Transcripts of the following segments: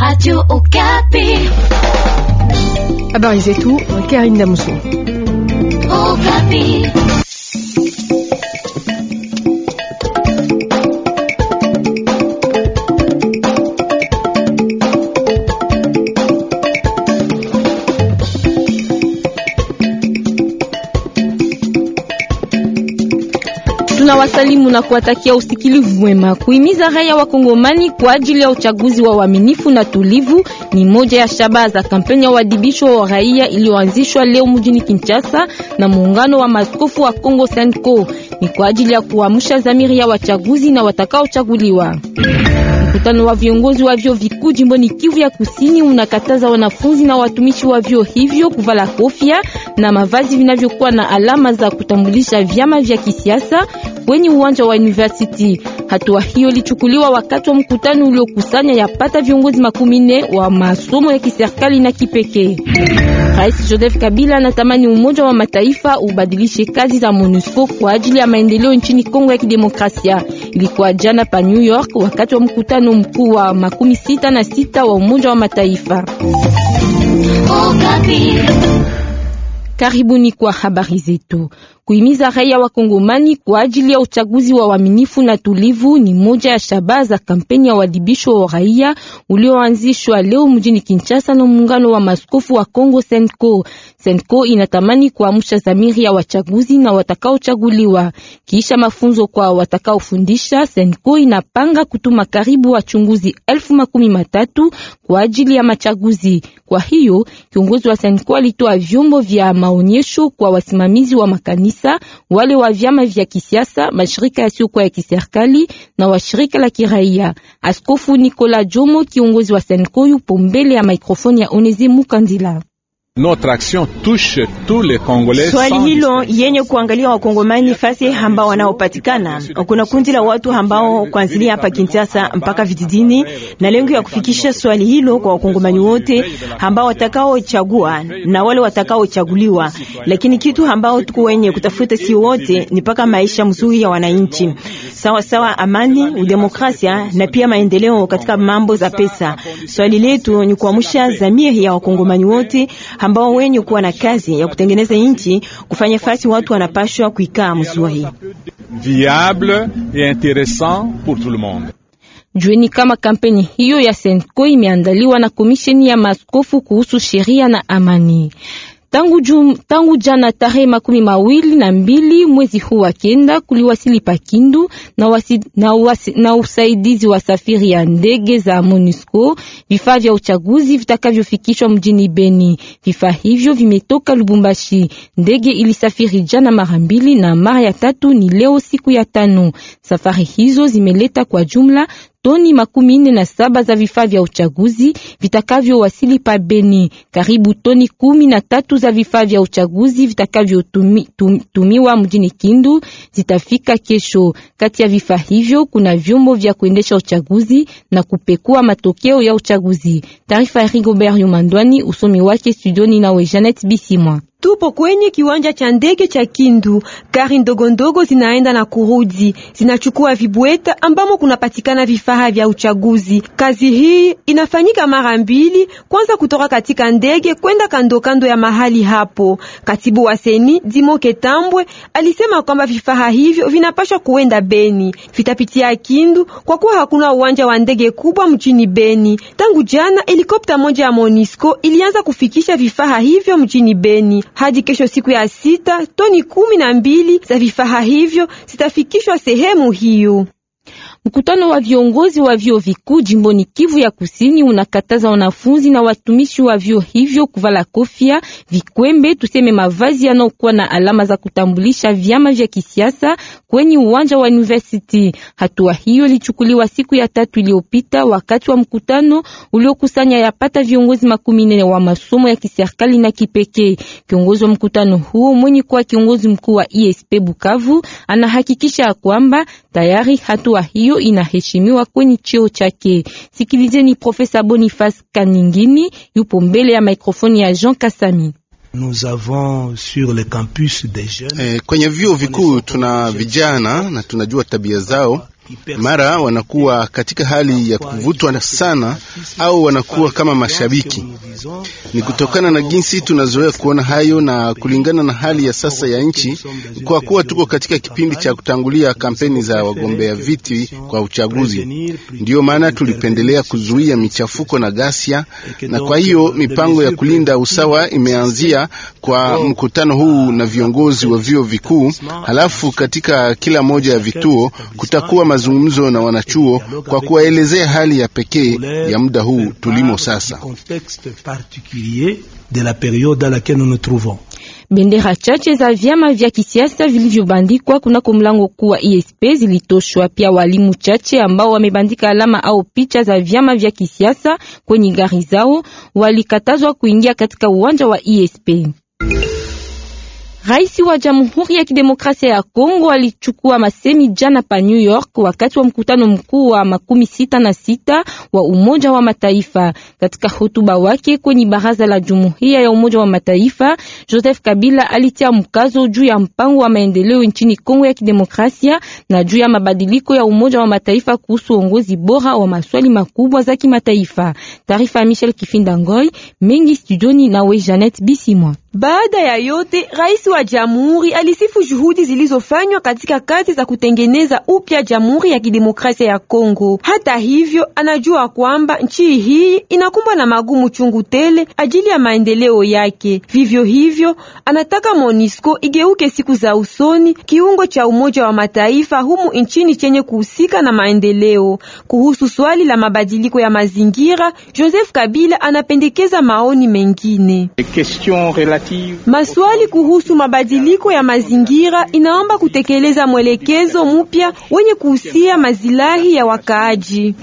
Radio Okapi. Habari tout, Karine Damousson. Okapi. tunawasalimu na kuwatakia usikilivu mwema. Kuhimiza raia wa Kongomani kwa ajili ya uchaguzi wa uaminifu na tulivu ni moja ya shabaha za kampeni ya uadibisho wa raia iliyoanzishwa leo mjini Kinshasa na muungano wa maskofu wa Kongo SENCO. Ni kwa ajili ya kuamsha dhamiri ya wachaguzi na watakaochaguliwa. Mkutano wa viongozi wa vyo vikuu jimboni Kivu ya Kusini unakataza wanafunzi na watumishi wa vyo hivyo kuvala kofia na mavazi vinavyokuwa na alama za kutambulisha vyama vya kisiasa kwenye uwanja wa university. Hatua hiyo ilichukuliwa wakati wa mkutano uliokusanya yapata viongozi makumi nne wa masomo ya kiserikali na kipekee. Rais Joseph Kabila anatamani Umoja wa Mataifa ubadilishe kazi za MONUSCO kwa ajili ya maendeleo nchini Kongo ya Kidemokrasia. Ilikuwa jana pa New York wakati wa mkutano mkuu wa makumi sita na sita wa Umoja wa Mataifa. Oh, Karibuni kwa habari zetu. Kuhimiza raia wa Kongomani kwa ajili ya uchaguzi wa uaminifu na tulivu ni moja ya shabaha za kampeni ya uadhibisho wa raia ulioanzishwa leo mjini Kinshasa na muungano wa maskofu wa Kongo Senko. Senko inatamani kuamsha dhamiri ya wachaguzi na watakaochaguliwa. Kisha mafunzo kwa watakaofundisha, Senko inapanga kutuma karibu wachunguzi elfu makumi matatu kwa ajili ya machaguzi. Kwa hiyo kiongozi wa Senko alitoa vyombo vya maonyesho kwa wasimamizi wa makanisa, wale wa vyama vya kisiasa, mashirika yasiyokuwa ya kiserikali na washirika la kiraia. Askofu Nikola Jomo, kiongozi wa Senko, pombele mbele ya mikrofoni ya Onezi Mukandila. Notre action touche tous les Congolais. Swali hilo yenye kuangalia wakongomani fasi ambao wanaopatikana. Kuna kundi la watu ambao kuanzilia hapa Kinshasa mpaka vijijini, na lengo ya kufikisha swali hilo kwa wakongomani wote ambao watakaochagua na wale watakaochaguliwa. Lakini kitu ambao tuko wenye kutafuta si wote ni paka maisha mzuri ya wananchi, sawa sawa, amani, udemokrasia na pia maendeleo katika mambo za pesa. Swali letu ni kuamsha dhamiri ya wakongomani wote ambao wenye kuwa na kazi ya kutengeneza nchi kufanya fasi, watu wanapashwa kuikaa mzuri viable et intéressant pour tout le monde. Jueni kama kampeni hiyo ya Senko imeandaliwa na komisheni ya maskofu kuhusu sheria na amani. Tangu, jum, tangu jana tarehe makumi mawili na mbili mwezi huu wa kenda kuliwasili Pakindu na, wasi, na, wasi, na usaidizi wa safiri ya ndege za MONUSCO vifaa vya uchaguzi vitakavyofikishwa mjini Beni. Vifaa hivyo vimetoka Lubumbashi. Ndege ilisafiri jana mara mbili na mara ya tatu ni leo siku ya tano. Safari hizo zimeleta kwa jumla toni makumi nne na saba za vifaa vya uchaguzi vitakavyowasili pa Beni, karibu toni kumi na tatu za vifaa vya uchaguzi vitakavyotumiwa mjini Kindu zitafika kesho. Kati ya vifaa hivyo kuna vyombo vya kuendesha uchaguzi na kupekua matokeo ya uchaguzi. Taarifa ya Rigobert Yumandwani, usomi wake studioni nawe Janet Bisimwa. Tupo kwenye kiwanja cha ndege cha Kindu. Gari ndogondogo zinaenda na kurudi, zinachukua vibweta ambamo kunapatikana vifaa vya uchaguzi. Kazi hii inafanyika mara mbili, kwanza kutoka katika ndege kwenda kando kando ya mahali hapo. Katibu wa seni Dimo Ketambwe alisema kwamba vifaa hivyo vinapashwa kuenda Beni, vitapitia Kindu kwa kuwa hakuna uwanja wa ndege kubwa mjini Beni. Tangu jana helikopta moja ya Monisco ilianza kufikisha vifaa hivyo mjini Beni. Hadi kesho siku ya sita, toni kumi na mbili za vifaa hivyo zitafikishwa sehemu hiyo. Mkutano wa viongozi wa vyuo vikuu jimboni Kivu ya Kusini unakataza wanafunzi na watumishi wa vyuo hivyo kuvala kofia, vikwembe, tuseme mavazi yanayokuwa na alama za kutambulisha vyama vya kisiasa kwenye uwanja wa university. Hatua hiyo ilichukuliwa siku ya tatu iliyopita wakati wa mkutano uliokusanya yapata viongozi makumi nne wa masomo ya kiserikali na kipekee. Kiongozi wa mkutano huo mwenye kuwa kiongozi mkuu wa ISP Bukavu anahakikisha kwamba tayari hatua hiyo hiyo inaheshimiwa kwenye cheo chake. Sikilizeni Profesa Boniface Kaningini, yupo mbele ya mikrofoni ya Jean Kasami. Nous avons sur le campus des jeunes. Eh, kwenye vyuo vikuu tuna vijana na tunajua tabia zao mara wanakuwa katika hali ya kuvutwa sana au wanakuwa kama mashabiki. Ni kutokana na jinsi tunazoea kuona hayo na kulingana na hali ya sasa ya nchi, kwa kuwa tuko katika kipindi cha kutangulia kampeni za wagombea viti kwa uchaguzi. Ndiyo maana tulipendelea kuzuia michafuko na ghasia, na kwa hiyo mipango ya kulinda usawa imeanzia kwa mkutano huu na viongozi wa vyuo vikuu, halafu katika kila moja ya vituo kutakuwa mazungumzo na wanachuo kwa kuwaelezea hali ya pekee ya muda huu tulimo sasa. Bendera chache za vyama vya kisiasa vilivyobandikwa kunako mlango kuu wa ESP zilitoshwa. Pia walimu chache ambao wamebandika alama au picha za vyama vya kisiasa kwenye gari zao walikatazwa kuingia katika uwanja wa ISP. E Rais wa Jamhuri ya Kidemokrasia ya Kongo alichukua masemi jana pa New York wakati wa mkutano mkuu wa makumi sita na sita wa Umoja wa Mataifa. Katika hotuba wake kwenye baraza la Jumuiya ya Umoja wa Mataifa, Joseph Kabila alitia mkazo juu ya mpango wa maendeleo nchini Kongo ya Kidemokrasia na juu ya mabadiliko ya Umoja wa Mataifa kuhusu uongozi bora wa maswali makubwa za kimataifa. Taarifa ya Michel Kifinda Ngoi mengi studioni nawe Janet Bisimwa. Baada ya yote, rais wa jamhuri alisifu juhudi zilizofanywa katika kazi za kutengeneza upya Jamhuri ya Kidemokrasia ya Kongo. Hata hivyo, anajua kwamba nchi hii inakumbwa na magumu chungu tele ajili ya maendeleo yake. Vivyo hivyo, anataka MONUSCO igeuke siku za usoni kiungo cha Umoja wa Mataifa humu nchini chenye kuhusika na maendeleo. Kuhusu swali la mabadiliko ya mazingira, Joseph Kabila anapendekeza maoni mengine. Maswali kuhusu mabadiliko ya mazingira inaomba kutekeleza mwelekezo mpya wenye kuhusia mazilahi ya wakaaji.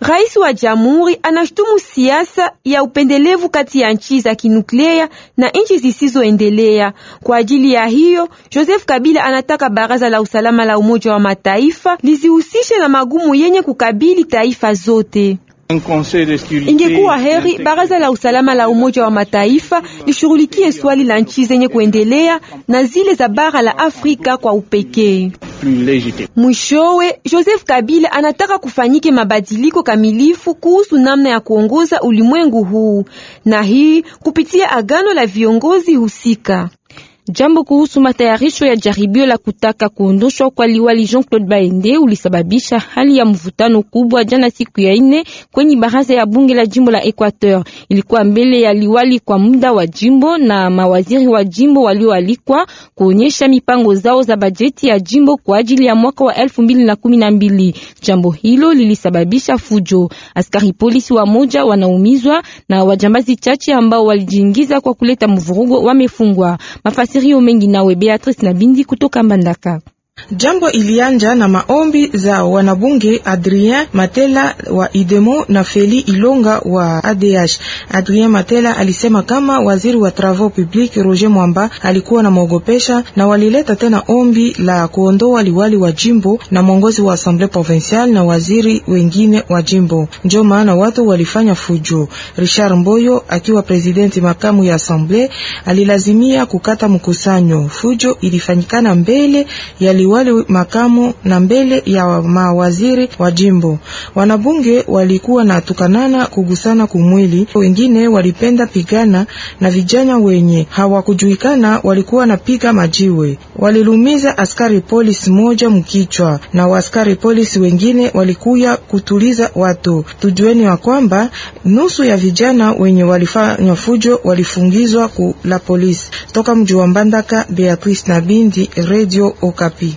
Rais wa jamhuri anashutumu siasa ya upendelevu kati ya nchi za kinuklea na nchi zisizoendelea. Kwa ajili ya hiyo, Joseph Kabila anataka baraza la usalama la Umoja wa Mataifa lizihusishe na magumu yenye kukabili taifa zote. Ingekuwa heri baraza la usalama la Umoja wa Mataifa lishughulikie swali la nchi zenye kuendelea na zile za bara la Afrika kwa upekee. Mwishowe, Joseph Kabila anataka kufanyike mabadiliko kamilifu kuhusu namna ya kuongoza ulimwengu huu, na hii kupitia agano la viongozi husika. Jambo kuhusu matayarisho ya jaribio la kutaka kuondoshwa kwa liwali Jean-Claude Baende ulisababisha hali ya mvutano kubwa jana siku ya ine kwenye baraza ya bunge la jimbo la Equateur. Ilikuwa mbele ya liwali kwa muda wa jimbo na mawaziri wa jimbo walioalikwa kuonyesha mipango zao za bajeti ya jimbo kwa ajili ya mwaka wa 2012. Jambo hilo lilisababisha fujo. Askari polisi wa moja wanaumizwa na wajambazi chache ambao walijiingiza kwa kuleta mvurugo wamefungwa. Mafasi mafasirio mengi nawe Beatrice na Bindi kutoka Mbandaka. Jambo ilianja na maombi za wanabunge Adrien Matela wa Idemo na Feli Ilonga wa ADH. Adrien Matela alisema kama waziri wa travaux public Roger Mwamba alikuwa na mwogopesha na walileta tena ombi la kuondoa liwali wa jimbo na mwongozi wa assemblée provinciale na waziri wengine wa jimbo, ndio maana watu walifanya fujo. Richard Mboyo akiwa presidenti makamu ya assemblée alilazimia kukata mkusanyo. Fujo ilifanyikana mbele yali liwali makamu na mbele ya mawaziri wa jimbo. Wanabunge walikuwa na tukanana kugusana kumwili, wengine walipenda pigana na vijana wenye hawakujulikana walikuwa napiga majiwe, walilumiza askari polisi moja mkichwa, na waaskari polisi wengine walikuya kutuliza watu. Tujueni wa kwamba nusu ya vijana wenye walifanya fujo walifungizwa ku la polisi. Toka mji wa Mbandaka, Beatrice na Bindi, Radio Okapi.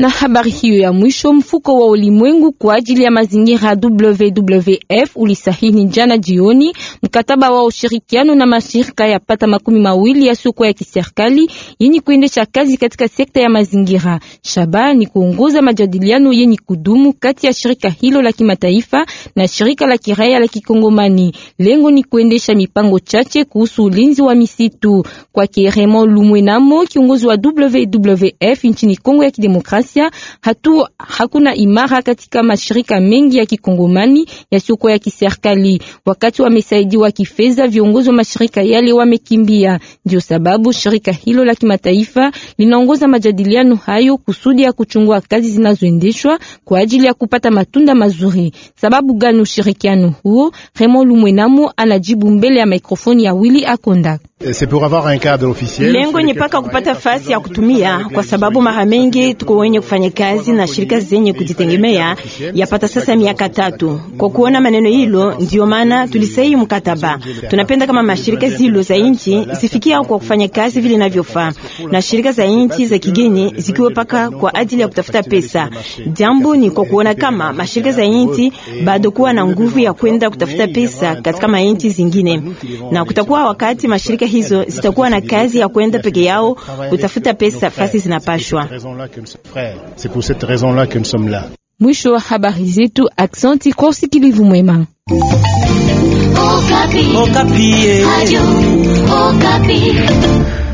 Na habari hiyo ya mwisho, mfuko wa ulimwengu kwa ajili ya mazingira WWF ulisahini jana jioni mkataba wa ushirikiano na mashirika ya pata makumi mawili ya soko ya kiserikali yenye kuendesha kazi katika sekta ya mazingira. Shaba ni kuongoza majadiliano yenye kudumu kati ya shirika hilo la kimataifa na shirika la kiraia la Kikongomani. Lengo ni kuendesha mipango chache kuhusu ulinzi wa misitu. Kwa Raymond Lumwenamo, kiongozi wa WWF nchini Kongo ya Kidemokrasia demokrasia hatu, hakuna imara katika mashirika mengi ya kikongomani yasiyokuwa ya kiserikali. Wakati wamesaidiwa kifedha, viongozi wa mashirika yale wamekimbia. Ndio sababu shirika hilo la kimataifa linaongoza majadiliano hayo kusudi ya kuchungua kazi zinazoendeshwa kwa ajili ya kupata matunda mazuri. Sababu gani ushirikiano huo? Raymond Lumwenamo anajibu mbele ya mikrofoni ya Willy Akonda. Euh, Lengo ni paka kupata fasi ya kutumia, kwa sababu mara mengi tuko wenye kufanya kazi na shirika zenye kujitegemea yapata sasa miaka tatu. Kwa kuona maneno hilo, ndio maana tulisaini mkataba. Tunapenda kama mashirika zilo za nchi zifikia kwa kufanya kazi vile inavyofaa, na shirika za nchi za kigeni zikiwe paka kwa ajili ya kutafuta pesa. Jambo ni kwa kuona kama mashirika za nchi bado kuwa na nguvu ya kwenda kutafuta pesa katika nchi zingine, na kutakuwa wakati mashirika hizo zitakuwa na kazi ya kwenda peke yao kutafuta pesa fasi zinapashwa. Mwisho wa habari zetu. Aksanti kwa usikilivu mwema. Okapi. Okapi.